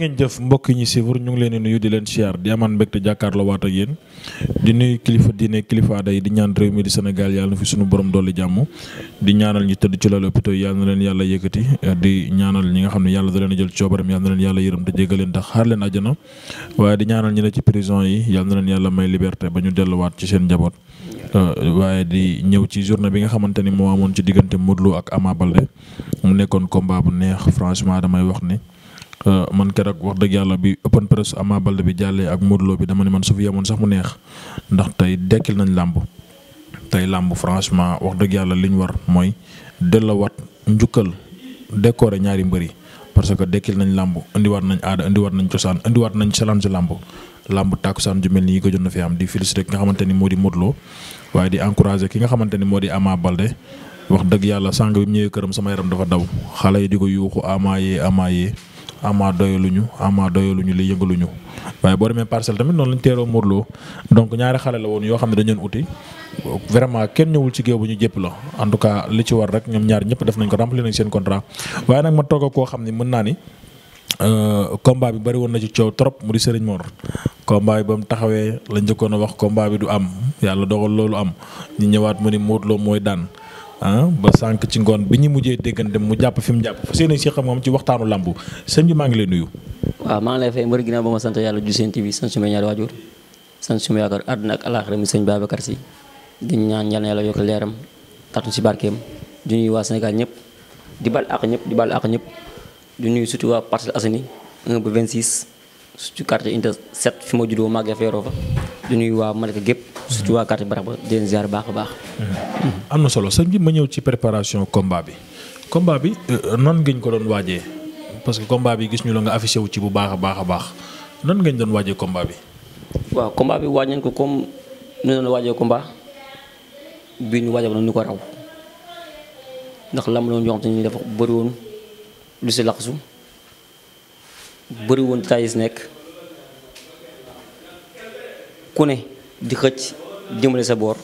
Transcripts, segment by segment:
ngeen jëf mbokk ñi sivor ñu ngi leen di nuyu di leen siyaar di amaan mbégte jàkkaarloo waat ak yéen di nuyu kilifa diine kilifa aada yi di ñaan mi di Sénégal yàlla na fi suñu borom dolli jàmm di ñaanal ñi tëdd ci loolu hôpital yàlla na leen yàlla yëkkati di ñaanal ñi nga xam ne yàlla da leen jël coobaram yàlla na leen yàlla yërëm te jéggal leen te xaar leen àjjana waaye di ñaanal ñi ne ci prison yi yàlla na leen yàlla may liberté ba ñu delluwaat ci seen njaboot euh, waaye di ñëw ci journée bi nga xamante ni moo amoon ci diggante Modou Lo ak Ama Baldé mu nekkoon combat bu neex franchement damay wax ni Euh, man keroog wax dëgg yàlla bi open press amaa Baldé bi jàllee ak Modou bi dama ne man su fi yemoon sax mu neex ndax tey dekkil nañ làmb tey làmb franchement wax dëgg yàlla li ñu war mooy delloowaat njukkal décorer ñaari mbër yi parce que dekkil nañ làmb indiwaat nañ aada indiwaat nañ cosaan indiwaat nañ salaan si làmb làmb tàkkusaan ju mel ni yi ko jot na fi am di féliciter ki nga xamante ni moo di Modou Lo waaye di encourager ki nga xamante ni moo di amaa Baldé wax dëgg yàlla sàng bi mu ñëwee këram sama yaram dafa daw xale yi di ko yuuxu Ama yee yee Ama doyaluñu Ama doyaluñu li yëngaluñu waaye boo demee parcelle tamit noonu lañ teeroo Modou Lo donc ñaari xale la woon yoo xam ne dañu uti vraiment kenn ñëwul ci géew bu ñu jëpp la en tout cas li ci war rek ñoom ñaar ñëpp def nañ ko remplir nañ seen contrat waaye nag ma toog a koo xam ne mën naa ni euh, combat bi bari woon na ci coow trop mu di Serigne Mor combat bi ba mu taxawee la njëkkoon a wax combat bi du am yàlla dogal loolu am ñu ñëwaat mu ni Modou mooy daan. ah ba sànq ci ngoon bi ñu mujjee déggante mu jàpp fi mu jàpp fas yéene si xam-xam ci waxtaanu làmb sëñ bi maa ngi lay nuyu. waaw maa ngi lay fay mbër ginnaaw ba ma sant yàlla ju seen TV sant suma ñaari waajur sant suma yaakaar àdduna ak alaaxira mi sëñ Babacar Si di ñaan yàlla yàlla yokk leeram tatu si barkeem di nuyu waa Sénégal ñëpp di bal àq ñëpp di bal àq ñëpp di nuyu surtout waa Parcelles Assainies 1 ba 26. ci quartier Unité set fi ma juddoo màggee fa yoroo fa du nuyu waa Malika gépp surtout waa quartier Baraba ba leen ziar baax a baax. Mm-hmm. am na solo sëñ bi ma ñëw ci préparation combat bi combat bi euh, nan ngeen ko doon waajee parce que combat bi gis ñu la nga affiché wu ci bu baax a baax a baax nan ngeen doon waajee komba bi. waaw combat bi waaj nañ ko comme ni doon waajee combat ñu waajal na ñu ko raw ndax lam la ñu jox te ñu dafa bëri woon lu si laxasu bëri woon détails yi nekk ku ne di xëcc jëmale sa boor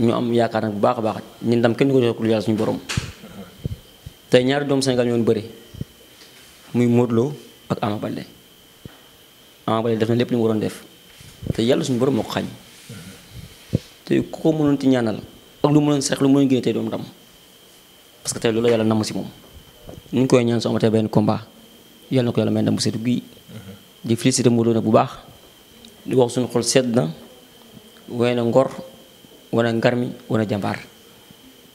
ñu am yaakaar nag bu baax a baax ñun tam kenn ko jox lu yàlla suñu borom tey ñaari doom Sénégal ñoon bëri muy Modou ak Ama Baldé Ama Baldé def na lépp li mu waroon def te yàlla suñu borom moo ko xañ te ku ko mënoon ci ñaanal ak lu mënoon seex lu mënoon génne tey doom ndam parce que tey loolu yàlla namm si moom ñu koy ñaan soo amatee benn combat yàlla na ko yàlla may ndam bu seetu guy di félicité Modou Lo nag bu baax di wax suñu xol sedd na wane na ngor wane ngarmi wane jàmbaar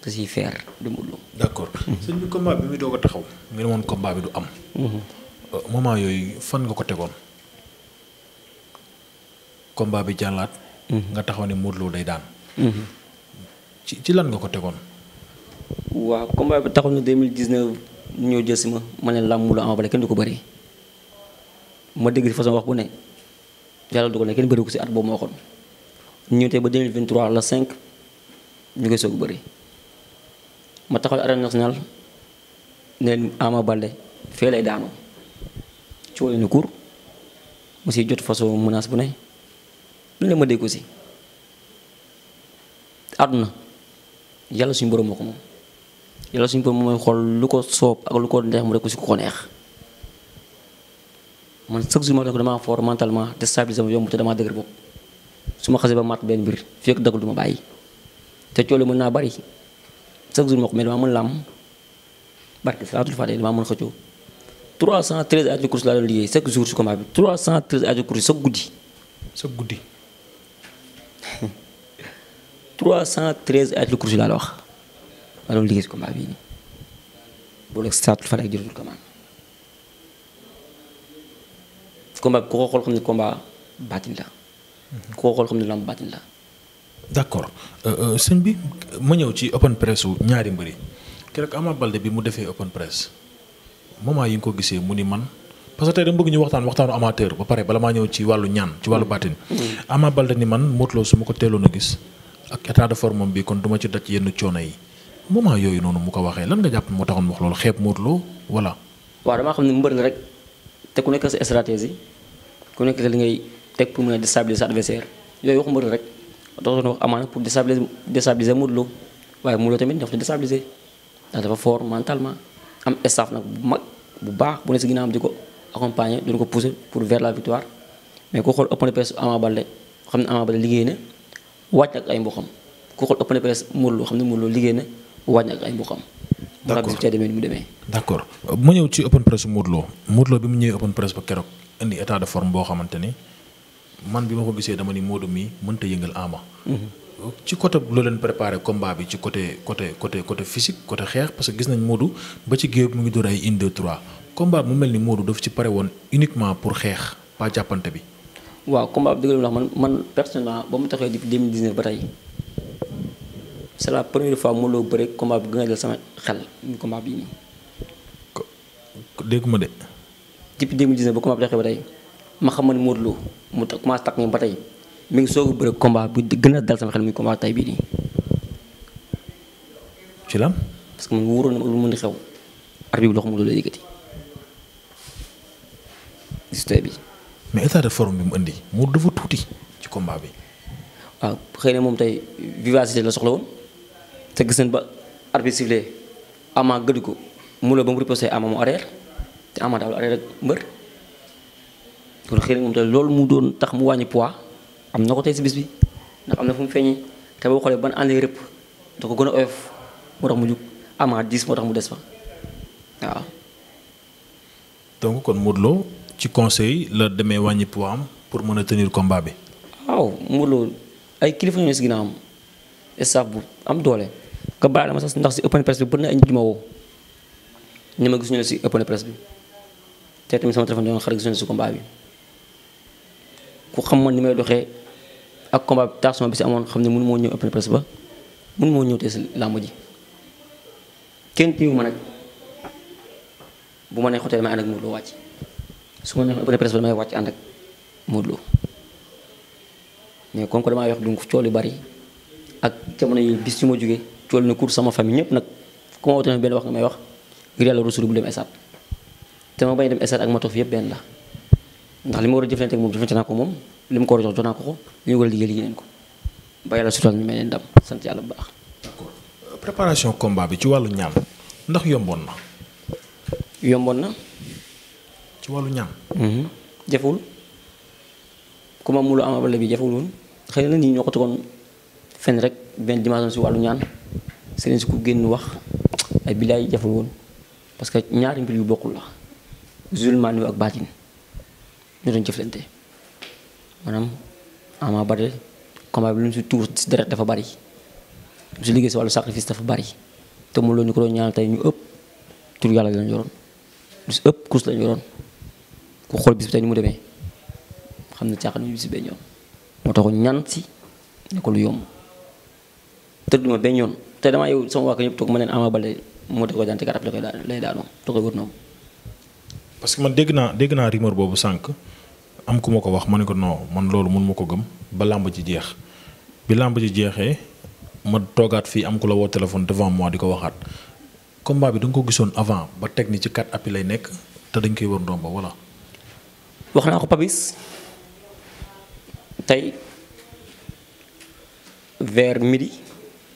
te si feer di Modou Lo. d'accord sëñ bi bi muy doog a taxaw. nga ne woon combat bi du am. Mhm. Euh, moment yooyu fan nga ko tegoon. combat bi jàllaat. Mhm. nga taxaw ne Modou Lo day daan. Mhm. ci ci lan nga ko tegoon. waaw combat bi taxaw na ñu ñëw jël si ma ma ne làmb mu la Ama Baldé kenn du ko bëri ma dégg façon wax bu ne yàlla dogal na kenn bëri ko si at boobu ma waxoon ñu ñëw tey ba 2023 la ñu koy soog ma taxawal arène nationale ne leen Ama Baldé jot façon menace bu ne ma dégg ko si àdduna yàlla suñu borom moo ko yàlla suñu borom mooy xool lu ko soob ak lu ko neex mu def ko si ko neex man chaque jour ma ko damaa fort mentalement déstabiliser ma yomb te damaa dëgër bopp su ma xasee ba mat benn mbir fii ak dagul du te coole mën naa bari chaque jour ma ko mais damaa mën làmm barke salaatul faatee damaa mën xëccoo 313 aju course laa doon liggéey chaque jour si combat bi 313 aju course sa guddi. sa guddi. 313 aju course laa la wax. ma doon liggéey si combat bii nii boole ak Saatu Faal ak Jurul Kamaan combat bi ku ko xool xam ne combat baatin la. Mhm. ku ko xool d'accord euh, euh, sëñ bi ma ñëw ci open press u ñaari mbëri keroog Ama Baldé bi mu defee open press moment yi nga ko gisee mu ni man parce que tey dama bëgg ñu waxtaan waxtaanu amateur ba pare bala maa ñëw ci wàllu ñaan ci wàllu mm. baatin. Mm. Ama Baldé ni man Modou Lo su ma ko teeloon a gis ak état de forme bi kon du ma ci daj yenn coono yi. moment yooyu noonu mu ko waxee lan nga jàpp moo taxoon wax loolu xeeb Modou Lo wala. waaw xam ne mbër la rek te ku nekk sa stratégie ku nekk li ngay teg pour mën a déstabiliser yooyu wax mbër rek rek doxoon wax amaana pour déstabiliser déstabiliser Modou Lo waaye Modou Lo tamit dafa déstabiliser ndax dafa fort mentalement am staff nag bu mag bu baax bu ne si am di ko accompagner doon ko pousser pour vers la victoire mais ku xool ëpp na pexe Ama xam ne Ama liggéey na wàcc ak ay mboxam ëpp na pexe Modou xam ne Modou Lo liggéey na. wàññi ak ay mbokkam. d' accord bi mu bi mu ñëwee open press ba keroog indi état de forme boo xamante ni bi ma ko gisee dama ni Modou mii mënta yëngal Ama. Mm-hmm. ci côté loo leen préparé combat bi ci côté côté côté côté physique côté xeex parce que gis nañ Modou ba ci géew mu ngi door ay une deux trois combat mu mel ni Modou daf ci pare woon uniquement pour xeex pas jàppante bi. waaw combat bi dëgg la man man personnellement ba mu taxee depuis 2019 ba tey. c'est la première fois mu loo bëre combat bi gën a jël sama xel ñu combat bii nii. ko dégguma de. depuis 2019 ba combat bi doxee ba tey ma xamoon Modou Lo mu takk ñoom ngi soog a bëre combat bu gën a dal sama xel muy combat tey bii nii. ci lan. parce que man wóoroon na lu mën di xew. arbitre bi loxo Modou Lo la yëkkati. gis bi. mais état de forme bi mu indi mu dafa tuuti ci combat bi. waaw xëy na moom tey vivacité la soxla woon. te gis nañ ba arbitre sifflé Ama gëdd ko Modou Lô ba mu riposté Ama mu arrière te Ama daawul arrière rek mbër kon xëy moom te loolu mu doon tax mu wàññi poids am na ko tey si bis bi ndax am na fu mu feeñee te boo xoolee ban àndee rëpp da ko gën a oyof moo tax mu jug Ama diis moo tax mu des fa waaw. donc kon Modou ci conseil la demee wàññi poids am pour mën a tenir combat bi. waaw Modou ay kilifa ñu ne si ginnaawam staff bu am doole. nga baal ma sax ndax si open press bi bëri na ay nit ma woo ni ma gis ñu ne si open press bi te tamit sama téléphone doon xar gis ñu ne si combat bi ku xamoon ni may doxee ak combat bi tension bi si amoon xam ne mun moo ñëw open press ba mënu moo ñëw te si làmb ji kenn piwu ma nag bu ma ne xotee may ànd ak Modou wàcc su ma nee open press ba damay wàcc ànd ak Modou Lo mais comme que damaa wax donc coow bari ak jamono yi bis yu ma jógee tool ni kur sama famille ñëpp nag ku ma wax nga may wax ngir yàlla rasul bu dem esat te ma bañ dem esat ak ma yëpp benn la ndax li ma war a jëflante ak moom jëflante naa ko moom li mu ko war ko ko li ñu war a liggéey liggéey nañ ko ba yàlla sutal ñu may leen ndam sant yàlla bu baax. préparation combat bi ci wàllu ñaam ndax yomboon na. yomboon na. ci wàllu ñaam. Mhm. jafewul ku ma mulu Ama Baldé bi jafewul woon xëy na nit ñi ñoo ko tegoon fenn rek benn dimension si wàllu ñaan. sëriñ si ku génn wax ay billaay jaful woon parce que ñaari mbir yu bokkul la zulmaani ak baatin ñu doon jëflante maanaam Ama Baldé combat bi lu mu si tuur si deret dafa bari lu si liggéey si wàllu sacrifice dafa bari te mu loolu ñu ko doon ñaanal tey ñu ëpp tur yàlla lañ yoroon lu si ëpp course lañ yoroon ku xool bis bi tey ñu mu demee xam ne caaxaan ñu bis bee ñoom moo tax ñaan si ne lu yomb tëdduma benn yoon te damaa yow sama waa ko ñëpp toog ma neen Ama Baldé moo ko daan ci garab la lay daanoo da koy wër noonu. parce que man dégg naa dégg naa rumeur boobu sànq am ku ma ko wax ma ne ko non man loolu mun ma ko gëm ba làmb jeex bi làmb ji jeexee ma toogaat fii am ku la woo téléphone devant moi di ko waxaat combat bi da nga ko gisoon avant ba teg ni ci quatre appuis lay nekk te dañ koy wër ndomba voilà. wax naa ko Papis tey vers midi.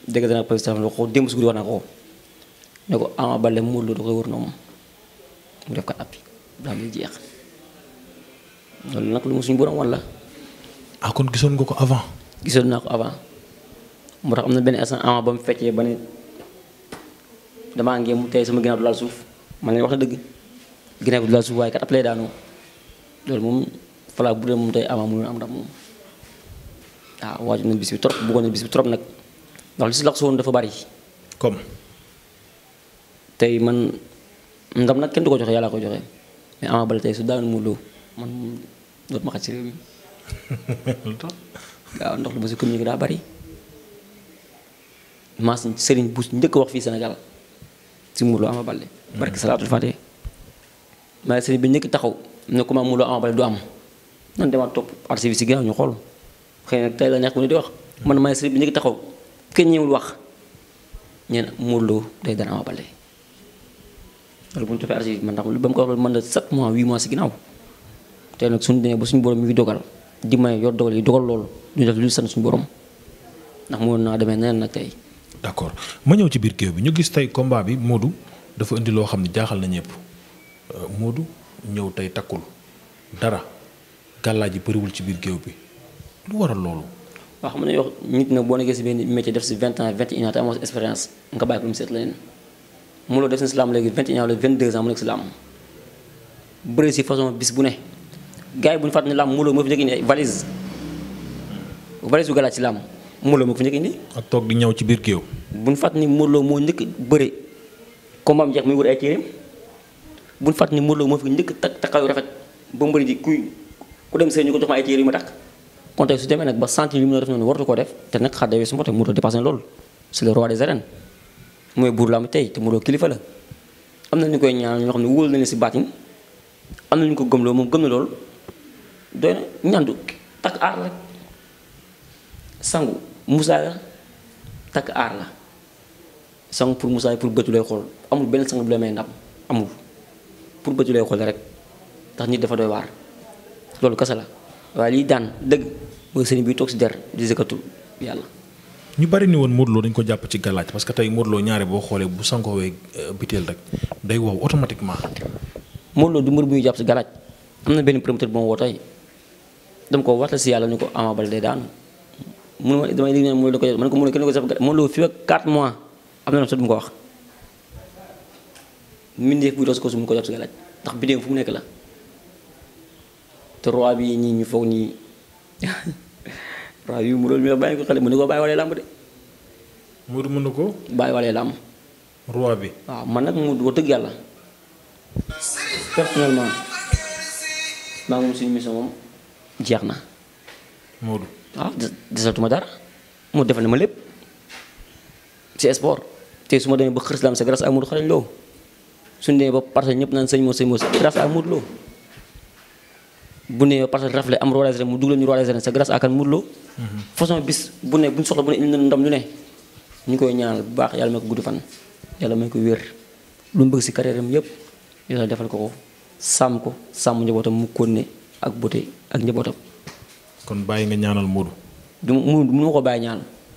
dégg naa président bi ko démb si guddi wax naa ko ne ko Ama Baldé Modou Lô da koy wër noonu mu def ko appui balaa muy loolu nag lu mu suñu borom la. ah gisoon nga ko avant. gisoon naa ko avant moo tax am na benn instant Ama ba mu feccee ba ne mu tey sama ginnaaw du suuf man ne wax na dëgg ginnaaw bi du suuf waaye kat appelé daanoo loolu moom falaa bu dee moom tey Ama mënoon am ndam moom waaw ah, waaju na bis bi trop bëggoon na bis bi trop nag. ndax li si lax woon dafa bari comme tey man ndam nag kenn du ko joxe yàlla ko joxe mais Ama Baldé tey su daan Modou Lô man dootuma mi waaw ma si communiqué daa bari maa sëriñ bu njëkk wax fii senegal si Modou Lô Ama Baldé barki salaatul faatee maa sëriñ bi njëkk taxaw ne ko ma Modou Lô Ama Baldé du am nan demaat topp archive si ginnaaw ñu xool xëy tey la neex ku ne di wax man maa sëriñ bi njëkk taxaw kenn ñëwul wax ñeen Modou Lo day daan Ama Baldé loolu bu ñu toppee archive man tax ba mu ko wax loolu mën na 7 mois 8 mois si ginnaaw te nag suñu demee ba mi ngi dogal di may yor dogal yi dogal loolu ñu def lu sant suñu borom ndax moo naa demee neneen nag tey. d'accord ma ñëw ci biir géew bi ñu gis tey kombaa bi moodu dafa indi loo xam ne jaaxal na ñépp euh, Modou ñëw tey takkul dara gàllaa ji bëriwul ci biir géew bi lu waral loolu. waaw xam ne wax nit nag boo nekkee si benn métier def si 20 ans 21 ans te amoo expérience nga bàyyi ko mu seet leneen mu loo def si islam léegi 21 ans wala 22 ans mu nekk si lam bëri si façon bis bu ne gars yi bu ñu ne lam mu moo fi njëkk indi valise valise bu galaat si lam mu loo moo ñëw ci biir géew. bu ñu fàttali ne mu loo moo njëkk bëri combat jeex muy wër ay téeréem bu ñu fàttali ne mu loo moo fi njëkk takk takkaayu rafet ba mbëri ji kuy ku dem seen ñu ko jox ma ay téere ma takk. contexte su demee nag ba sentir li mu def noonu wartu ko def te nag xar day weesu mboote Modou Lo dépassé na loolu c'est le roi des arènes mooy buur la am tey te Modou Lo kilifa la am na ñu koy ñaan ñoo xam ne wóolu na si baatin am ko gëmloo moom gëm na loolu doy na ñandu takk aar la sangu musaaya takk aar la sangu pour musaaya pour bëtu lay xool amul benn sangu bu la may ndam amul pour bëtu lay xool rek ndax nit dafa doy waar loolu kese la waaye liy daan dëgg mooy sëriñ bi toog si der di zëkkatu yàlla. ñu bari ni woon Modou Lo dañ ko jàpp ci galaaj parce que tey Modou Lo ñaare boo xoolee bu sangoowee euh, biteel rek day wow automatiquement. Modou du mbër bu ñuy jàpp si galaaj am na benn promoteur bu ma woo ko waxtal si yàlla ni ko Ama Baldé ma damay dégg ne Modou Lo ko jàpp man ko Modou Lo kenn ak 4 mois am na lu sax du ma ko wax. mbindeef buy dox si ko su mu ko jàpp si galaaj ndax bidéew fu mu nekk la. te roi bi ñii ñu foog nii roi bi mu doon ñu bàyyi ko xale mu ne ko bàyyi walee làmb de. Modou mën na ko. bàyyi walee làmb. roi bi waaw man nag mu wax dëgg yàlla personnellement maa ngi suñu mission moom jeex na. Modou waaw ah, desatuma dara mu defal na ma lépp ci sport te su ma demee ba xërs lam c'est grâce à Modou Xarañ Lo suñu demee ba parce que ñëpp naan sëñ moo sëñ moo c'est grâce à Modou Lo. bu ne parce que rafle am roi des arènes mu dugal ñu roi des arènes c'est grâce à kan Modou Lo mhm. bis bu ne bu ñu soxla bu ne indi na ndam lu ne ñu koy ñaanal bu baax yàlla may ko gudd fan yàlla may ko wér lu mu bëgg si carrière am yépp yàlla defal ko sàmm ko sàmm njabootam mu konne ak bote ak njabootam kon bàyyi nga ñaanal Modou du mu mu ma ko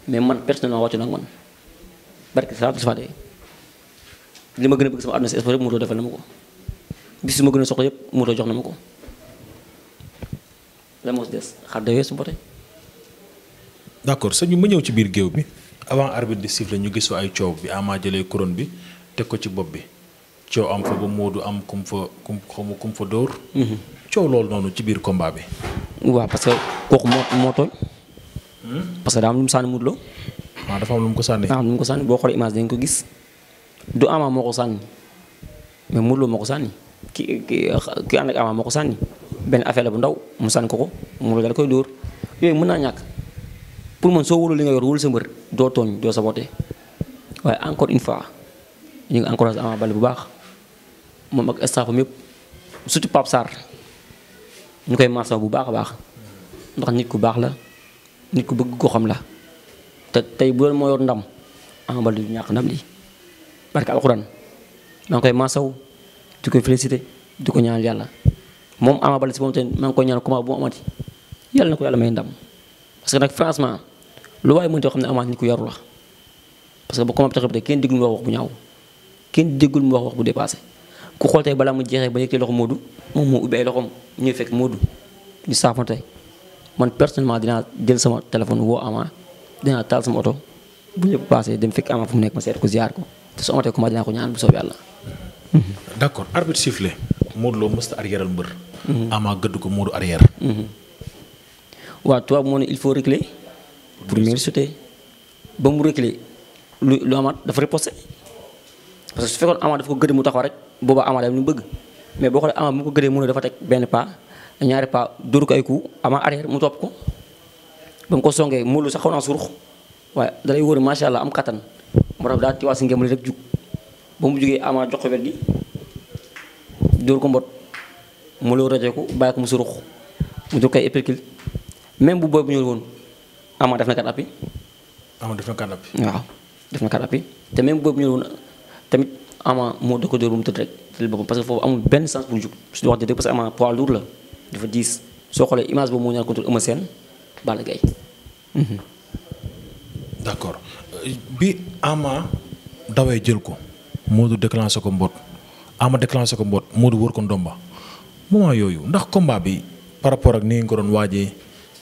mais man personnellement wàccu nag man barke salaatu fàtte li ma gën a bëgg na ma ko bis su ma gën a soxla yëpp Modou Lo jox na ma ko la mos des xar da weesu bote d' accord sëñ bi ma ñëw ci biir géew bi avant arbitre di siffler ñu gisu ay coow bi Ama jëlee couronne bi teg ko ci bopp bi coow am fa ba Modou am kum fa kum fa dóor. Mhm. coow loolu noonu ci biir combat bi. waaw parce que kooku moo moo tooñ. Hmm? que daa am lu mu sànni Modou Lo. waaw ah, dafa am lu mu ko sànni. daa am ko sànni boo xoolee image dañ ko gis du Ama moo ko sànni mais Modou moo ko sànni. benn affaire bu ndaw mu sànni ko ko mu dal koy door yooyu mën naa ñàkk pour man soo wóolu li nga yor wóolu sa mbër doo tooñ doo saboté waaye encore une fois ñu ngi encouragé Ama Baldé bu baax moom ak staff am yëpp surtout Pape koy marsaw bu baax a baax ndax nit ku baax la nit ku bëgg ko xam la te tey bu doon moo yor ndam a Baldé du ñàkk ndam li barke alxuraan maa ngi koy marsaw di ko félicité di ko ñaanal yàlla moom Ama Baldé si moom tamit maa ngi koy ñaan combat bu mu amati yàlla na ko yàlla may ndam parce que nag franchement lu waaye mënti xam ne amaat nit ku yaru la parce que ba combat bi taxaw kenn déggul mu wax wax bu ñaaw kenn déggul mu wax wax bu dépassé ku xool tey balaa mu jeexee ba yëkkati loxo Moodu moom moo ubbi ay loxoom ñu fekk Moodu ñu te man personnellement dinaa jël sama téléphone woo Ama dinaa taal sama oto bu ñëpp passé dem fekk Ama fu mu nekk ma seet ko ziar ko te su amatee combat dinaa ko ñaan Mm-hmm. Ama gëdd ko Modou arrière. Mm-hmm. waaw tubaab moo ne il faut reculer. pour mieux sauter ba mu reculer lu amaat dafa riposté parce que su fekkoon Ama dafa ko gëdd mu taxaw rek booba Ama day mu bëgg mais boo xoolee Ama ne dafa teg benn pas ñaari pas dóor ko ay ko ba mu ko songee Modou sax xaw naa surux waaye dalay wóor macha allah am kattan moo tax daal tiwaat si ngeen rek jug ba mu jugee Ama jox wet gi dóor ko mbot. mu loo rajeeku bàyyi ko mu surux mu jóg kay épercule même bu booy bu ñuul woon Ama def na kat appi. Ama def na kat appi. waaw def na kat appi te même bu booy bu ñuul woon tamit Ama moo da ko dóor bu mu tëdd rek tëdd boppam parce que foofu amul benn sens pour jug su ñu wax dëgg parce que Ama poids lourd la dafa diis soo xoolee image boobu moo ñaar contre Eumeu Sène Balla Gaye. Mhm. d'accord euh, bi Ama dawee jël ko Modou déclenché ko mbot Ama déclenché ko mbot Modou wër ko ndomba. moment yooyu ndax combat bi par rapport ak ni ngeen ko doon waajee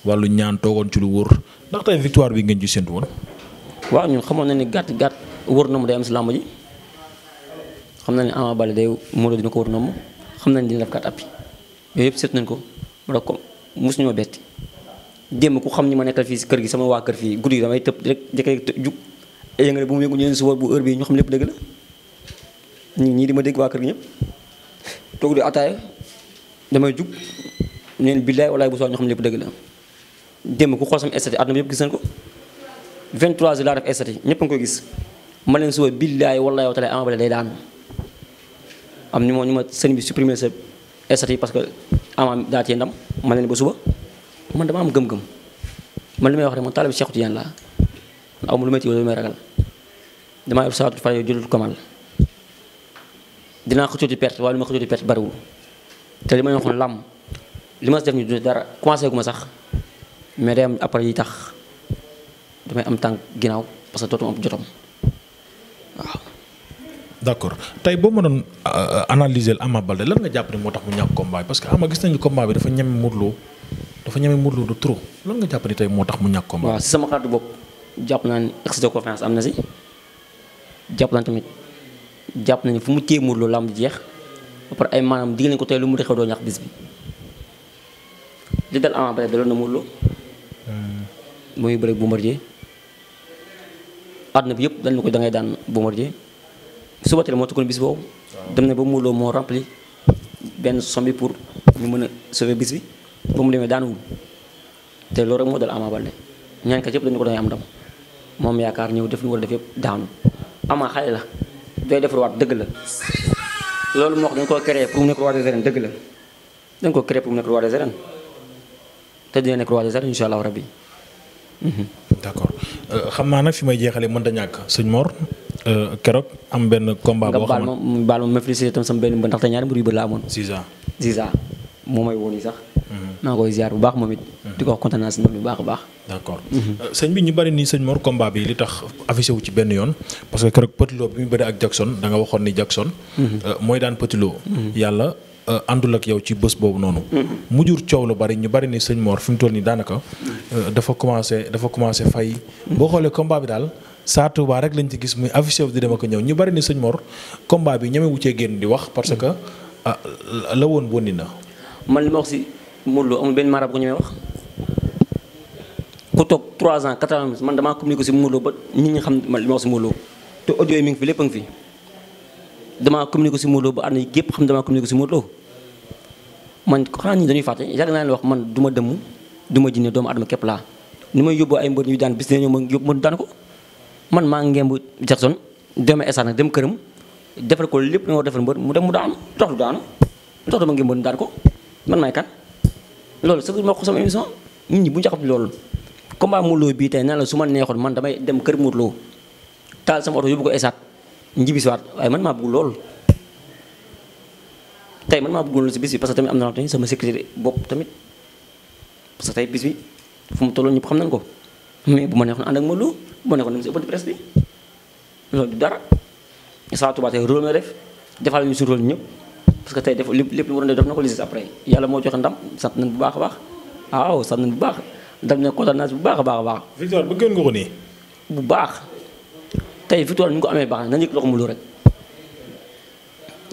wàllu ñaan toogoon ci lu wóor ndax tey victoire bi ngeen ju séntu woon. waa ñun xamoon na ni gàtt gàtt wër na mu day am si làmb ji xam na ne Ama Baldé day Modou dina ko wër nomm xam nañ dina def kat appi yooyu yëpp seet nañ ko wala comme mosu ñoo betti démb ku xam ñi ma nekkal fii kër gi sama waa kër fii guddi gi damay tëb rek jékki-jékki jug yëngale bu mu yëngu ñeen suba bu heure bii ñu xam lépp dëgg la ñii ñii di ma dégg waa kër gi ñëpp toog di ataaya damay jug ñu leen billaay walaay bu soo ñu xam lépp dëgg la démb ku xool sama estati àdduna bi yëpp gis nañ ko 23 heures laa def estati ñëpp nga koy gis ma leen suba billaay walaay watalee Ama Baldé day daanu am ñu moo ñu ma sëñ bi supprimer sa estati yi parce que ama daa cee ndam ma leen ba suba man dama am gëm-gëm man li may wax rek ma taalibe Cheikh Tidiane la aw ma lu may tiiw lu may ragal damaa yóbbu saa tuuti fan yooyu ma xëccoo ci te li ma waxoon làmm li ma si def ni du dara commencé gu sax mais day am après yi tax damay am tànk ginnaaw parce que dootuma am jotom waaw. d'accord tey boo mënoon euh, analyser Ama Baldé lan nga jàpp ne moo tax mu ñàkk combat bi parce que Ama gis nañu combat bi dafa ñeme Modou Lô dafa ñeme Modou Lô du trop moo tax mu ñàkk combat. waaw si sama xarit bopp jàpp naa ne excès de am na si jàpp naa tamit jàpp nañu fu mu téye Modou Lô làmb jeex. ba pare ay maanaam dig ko tey lu mu dexee doo ñax bis li dal Ama Baldé daloon na Modou Lô hmm. muy bëre Bombardier àdduna bi yëpp dañ ko da daan Bombardier suba teel moo tukkoon bis boobu dem na ba Modou Lô moo rempli benn sombi pour ñu mën a sauver bi ba mu demee daanuwul te loolu rek moo dal Ama Baldé ñaankat yëpp dañu ko dangay am ndam moom yaakaar ñëw def lu war a def yëpp daanu Ama xale la doy defarwaat dëgg la loolu moo xam dañu ko créé pour mu nekk roi des la dañu ko créé pour mu nekk roi des arènes te dina nekk roi des arènes mhm. euh, xam naa nag fi may jeexalee mënta ñàkk suñ moor euh, keroog am benn combat boo xam nga baal ma baal ma ma félicité tam sama benn mbër ndaxte ñaari mbir amoon. Ziza Ziza moo may woon yi sax. Mhm. maa ngi koy ziar bu baax moom it. Mhm. di ko wax kontaan naa si bu baax a baax. d'accord sëñ bi ñu bari nii sëñ Mor combat bi li tax affiché wu ci benn yoon parce que keroog Petit Lo bi mu bëri ak Jackson da nga waxoon ni Jackson. Euh, mooy daan Petit Lo. yàlla euh, àndul ak yow ci bés boobu noonu. mu jur coow lu bari ñu bari ni sëñ moor fi mu toll nii daanaka. Euh, dafa commencé dafa commencé fay. boo xoolee combat bi daal. Sa Touba rek lañ ci gis muy affiché wu di dama ko ñëw ñu bari ni sëñ moor combat bi ñeme wu cee génn di wax parce que ah, la woon woon na. man li ma wax si Modou Lo amul wax. ku toog 3 ans 4 ans man damaa communiqué si Modou Lo ba nit ñi xam li ma wax si Modou te audio yi fi lépp a ngi fi damaa communiqué si Modou ba ànd yi gépp xam damaa communiqué si Modou Lo man xanaa ñi dañuy fàtte yàgg naa leen wax man du ma dëmm du ma jinne doomu adama képp laa ni may yóbbu ay mbër yu daan bis ne ñoo ma yóbbu ma daan ko man maa ngemb Jackson dem esaan nag dem këram defal ko lépp lu ma war mu dem mu daanu tax du daanu tax du ma ngemb daan ko man maay kan loolu sax ma ko sama émission nit ñi bu ñu xam combat Modou Lo bii tey naa la su ma neexoon man damay dem kër Modou Lo taal sama oto yóbbu ko esaat njibisiwaat waaye man maa bëgg lool tey man maa bëgg lool si bis parce que tamit am na tamit sama sécurité bopp tamit parce tey bis bi fu mu tolloon ñëpp xam nañ ko mais bu ma neexoon ànd ak Modou Lo bu ma neexoon dem si ëppati presse bi loolu du dara saa Touba tey rôle na def defal ñu suñu rôle ñëpp parce que tey def lépp lépp lu waroon def na ko liggéey après yàlla moo joxe ndam sant nañ bu baax a baax waaw sant bu baax dam na kontaan naa bu baax a baax a baax. victoire bëggoon nga ko nii. bu baax tey victoire nu ñu ko amee baax na nañu ko Modou Lo rek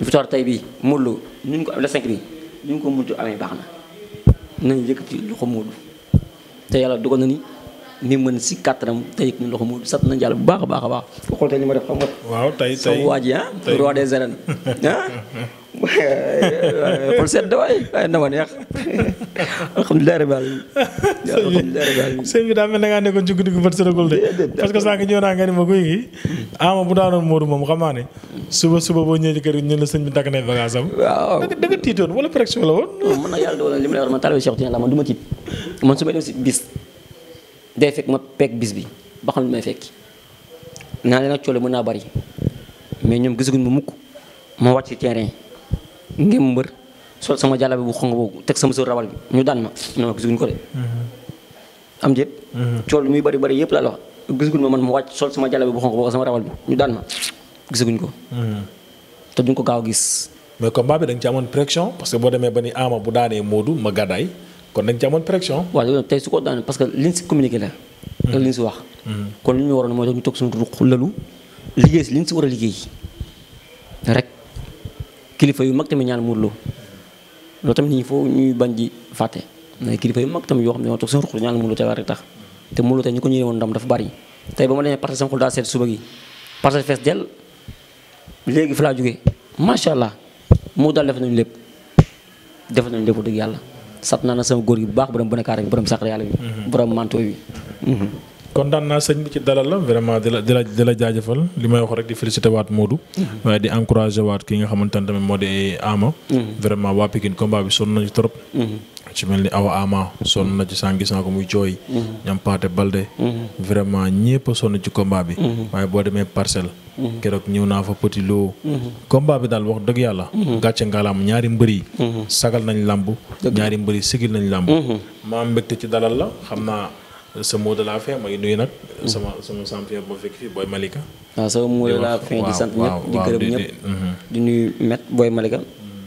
victoire tey bii Modou Lo nu ñu ko amee la 5 bi nu ñu ko Modou amee baax na nañu yëkkati loxo Modou te yàlla dogal na ni mi mën si kàttanam tey ak loxo Modou Lo sant nañu yàlla bu baax a baax a baax. xool tey ni ma def xam nga. waaw tey tey ah, roi des arènes ah. xool seet da waay waaye na ma neex alhamdulilah rabbil alamin sëñ bi daa mel ne ngaa nekkoon ci parce que sànq ñëw naa nga ma guy gi ama bu daanoon Modou moom xam naa ne suba suba boo ñëwee ci kër gi ñu la sëñ bi dagg nay bagage waaw da tiitoon wala pression la woon man nag yàlla dogal li ma lay wax man taalibe Cheikh du ma tiit man su may dem si bis day fekk ma peeg bis bi ba xam ne may fekk naa leen ak coole mën naa bari mais ñoom gisaguñ ma mukk ma wàcc ci terrain ngëm mbër sol sama jàllabe bu xonq boobu teg sama sër rabal bi ñu daan ma ne ma gisuguñ ko de mhm. am jét mhm. cool muy bari bari yëpp laa la gisuguñ ma man ma wàcc sol sama jàllabe bu xonq boobu sama rabal bi ñu daan ma gisaguñ ko mhm. te duñ ko gaaw gis mais combat bi da nga ci amoon pression parce que boo demee ba ni Ama bu daanee Modou ma gàddaay kon da nga ci amoon tey su ko daanee parce que liñ si communiqué la ak liñ si wax kon li ñu waroon mooy tax ñu toog suñu ruq lalu liggéey si liñ kilifa yu mag tamit ñaan Modou Lo loolu tamit il faut ñuy bañ ji fàtte mais kilifa yu mag tamit yoo xam ne ñoo toog seen ruq ñaan Modou Lo te war rek tax te Modou Lo tey ñu ko ñëwee woon ndam dafa bari tey ba ma demee parcelle sama xol daa seet suba gi parcelle fees dell léegi fa laa jógee macha allah mu daal def nañu lépp def nañu lépp dëgg yàlla sat naa na sama góor gi bu baax borom bonekaar bi borom sàqar yàlla bi mhm. borom manto bi mhm. kon daan naa sëñ bi ci dalal la vraiment di la di la di li may wax rek di félicité waat Modou. Mhm. waaye di encouragé waat ki nga xamante ne tamit moo di Ama. Mhm. vraiment waa Pikine combat bi sonn nañu trop. Mhm. ci mel ni awa Ama sonn na ci sànq gis naa ko muy jooy. ñam Paate Balde. vraiment ñëpp sonn ci combat bi. waaye boo demee parcelle. keroog ñëw naa fa petit loo. combat bi daal wax dëgg yàlla. gàcce ngalaam ñaari mbër yi. sagal nañ làmb ñaari mbër yi sigil nañ la sa mot de la fin ma nuy nuyu nag. sama sama champion boo fekk fii Boy Malika. waaw ah, sama mot de la fin di sant ñëpp di gërëm ñëpp. di mhm. nuyu met Boy Malika.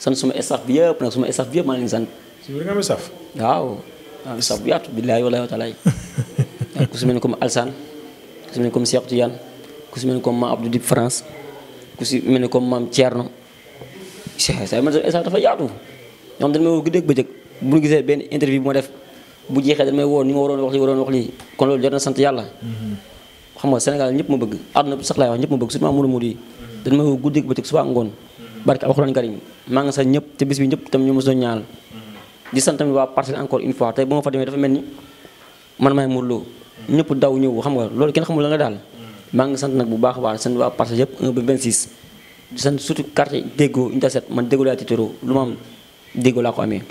sant suma staff bi yëpp nag suma staff bi yëpp maa leen sant. suba nga am staff. waaw am staff bu yaatu billahi wallahi wa taala ku si mel ni comme Alsane ku si mel ni comme Cheikh Tidiane ku si mel ni comme maam Abdou Dib France ku si mel ni comme maam Thierno Cheikh Sall man sa staff dafa yaatu ñoo xam dañ may bu gisee benn interview bu ma def bu jeexee dañ may woo ni waroon wax li waroon wax lii kon loolu jar na sant yàlla. Mm-hmm. xam nga Sénégal ñëpp ma bëgg àdduna na sax laay wax ñëpp ma bëgg surtout Modou Modou yi mm-hmm. dañ may woo guddeeg bëccëg suba ngoon. barke alxuraan karim maa ngi sant ñëpp te bis bi ñëpp tam ñu mos doon di sant tamit waa parcelle encore une fois tey bu ma fa demee dafa mel ni man maay Modou Lo ñëpp daw ñëw xam nga loolu kenn xamul la nga daal maa ngi sant nag bu baax a baax sant waa parcelle yëpp 1 ba 26 di sant surtout quartier déggoo intercept man déggoo laa tiitaroo lu ma am déggoo laa ko amee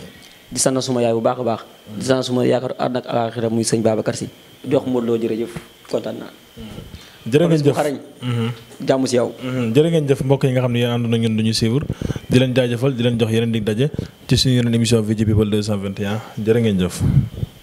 suma yaay bu baax a baax di sant suma yaakaar àddina ak alaaxira muy sëñ Babacar Si di wax Modou Lo jërëjëf kontaan naa jërë ngeen jëf mhm. jàmm si yow mhm. jërë ngeen jëf mbokk yi nga xam ne yéen àndoon na ngeen duñu suivre di leen jaajëfal di leen jox yeneen di daje ci suñu yeneen émission VG People 221 jërë ngeen jëf